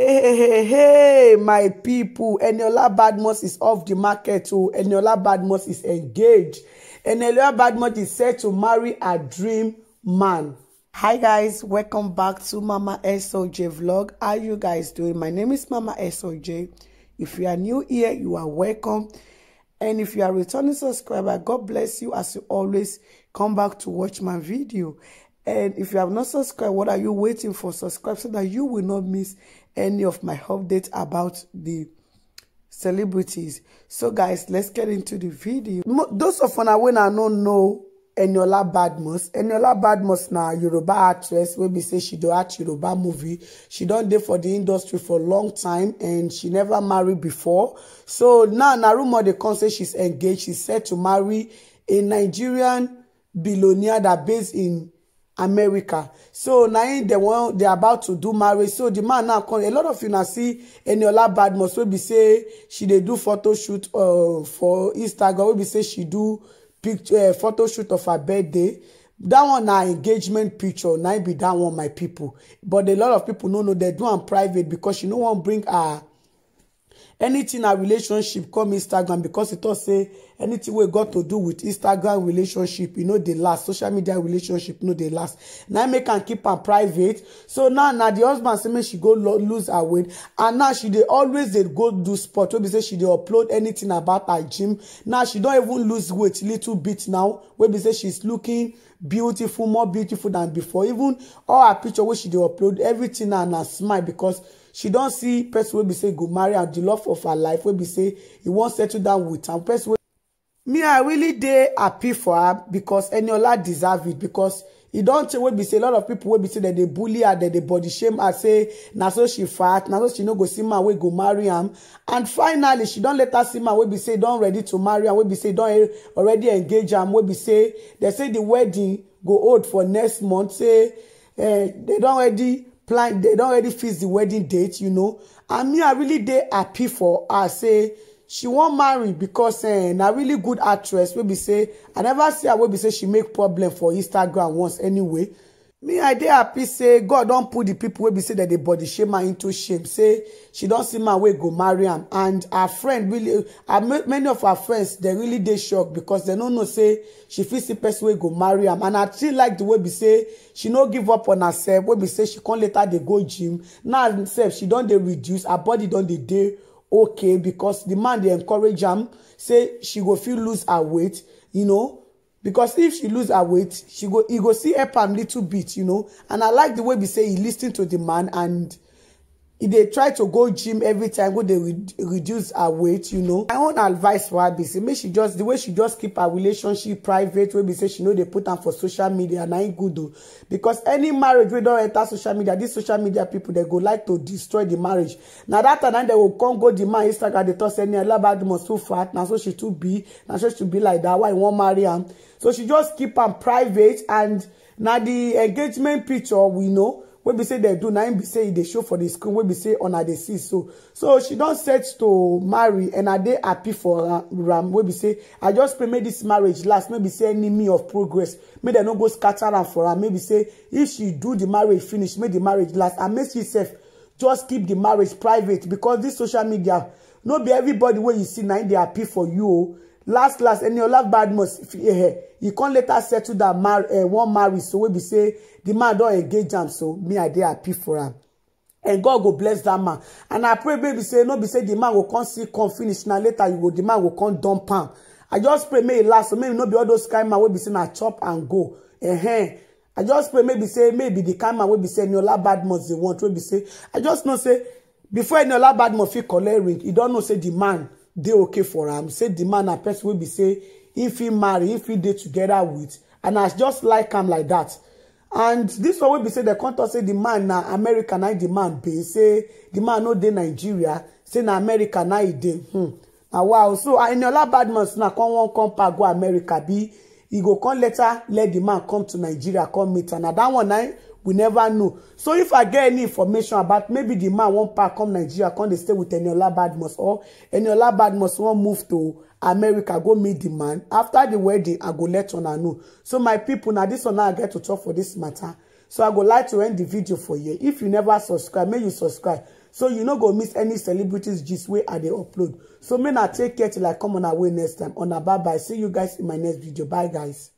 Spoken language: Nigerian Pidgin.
hey hey hey my people Eniola Badmus is off the market o Eniola Badmus is engaged Eniola Badmus is set to marry a dream man hi guys welcome back to Mama Soj vlog how you guys doing my name is Mama Soj if you are new here you are welcome and if you are returning subscriber god bless you as you always come back to watch my video And if you have not subscribed, what are you waiting for? Subscribe so that you will not miss any of my updates about the celebrities. So guys, let's get into the video. Those of una wey I no know Eniola Badmus. Eniola Badmus now Yoruba actress wey be say she do act Yoruba movie. She don there for the industry for long time and she never married before. So now na rumor dey come say she's engaged. She's set to marry a Nigerian billionaire that based in america so now they dem wan about to do marriage so the man now come a lot of you now see eniola must wey be say she they do photo shoot uh for instagram wey be say she do picture uh, photo shoot of her birthday That one na engagement picture Now be that one my people. but a lot of people no know they do am private because she no want bring her anything a relationship come instagram because it talk say anything wey got to do with instagram relationship e no dey last social media relationship no dey last na make am keep am private so now na the husband say make she go lose her weight and now she dey always dey go do sport wey be say she dey upload anything about her gym now she don even lose weight little bit now wey be say she's looking beautiful more beautiful than before even all her picture wey she dey upload everything na na smile because she don see person wey be say go marry her the love of her life wey be say e wan settle down with am person wey me i really dey happy for her becos eniola deserve it because e don tey wey be say a lot of people wey be say dem dey bully her dem dey body shame her say na so she fat na so she no go see man wey go marry am and finally she don later see man wey be say e don ready to marry am wey be say e don already engage am wey be say dem say the wedding go hold for next month say eh dem don already plan dem don already fix the wedding date you know and me i really dey happy for her say she wan marry because eh, na really good actress wey be say i never see her wey be say she make problem for instagram once anyway me i dey happy say god don't put the people where we say that dey body shame her into shame say she don't see my way go marry him, and her friend really many of her friends they really they shocked because they no know say she feels the person way go marry him, and i still like the way we say she no give up on herself wey be say she can't let her dey go gym now herself she don't dey reduce her body don't dey dey okay because the man they encourage him say she go feel lose her weight you know because if she lose her weight she go he go see help am little bit you know and i like the way be say e lis ten to the man and If e they try to go gym every time go dey reduce her weight you know my own advice for her be say make she just the way she just keep her relationship private wey be say she know they put am for social media na ain't good o because any marriage we don't enter social media these social media people they go like to destroy the marriage na that time dem go come go demand man instagram dey talk say ni alabadumọ too fat now, so she too be now so she be like that why won't marry him? so she just keep am private and now the engagement picture we know wey be say they do now im be say they e show for the screen wey be say on a they see so so she don't set to marry and are they happy for am we be say i just pray make dis marriage last maybe say enemy of progress make they no go scatter am for her. maybe say if she do the marriage finish make the marriage last and make she just keep the marriage private because this social media no be everybody wey you see now they happy for you last last eniola badmus eh, eh, e come later settle that eh, one marriage so we be say the man don engage am so me i dey happy for him. and god go bless that man and i pray baby say no be say the man will come see come finish Now later you go The man will come dump him. i just pray may e last so maybe no be all those kind man wey be say I chop and go -huh. i just pray maybe say maybe the kind man will be say bad badmus dey want wey be say i just know say before eniola bad fit collect collaring. e don't know say the man dey okay for am say the man na person wey be say if he marry if he dey together with and i just like am like that. and this one wey be say dem come tok say the man na america na the man be say the man no dey nigeria say na america na e dey hmm na wow so ah, eniola badmus na come one come pack go america be e go come later let the man come to nigeria come meet and na that one na we never know so if i get any information about maybe the man won't pack come nigeria come dey stay with eniola badmus or eniola badmus won't move to america go meet the man after the wedding i go let on I know so my people now this one i get to talk for this matter so i go like to end the video for you. if you never subscribe may you subscribe so you not go miss any celebrities gist wey i dey upload so may na take care till i come on our way next time on una bye bye see you guys in my next video bye guys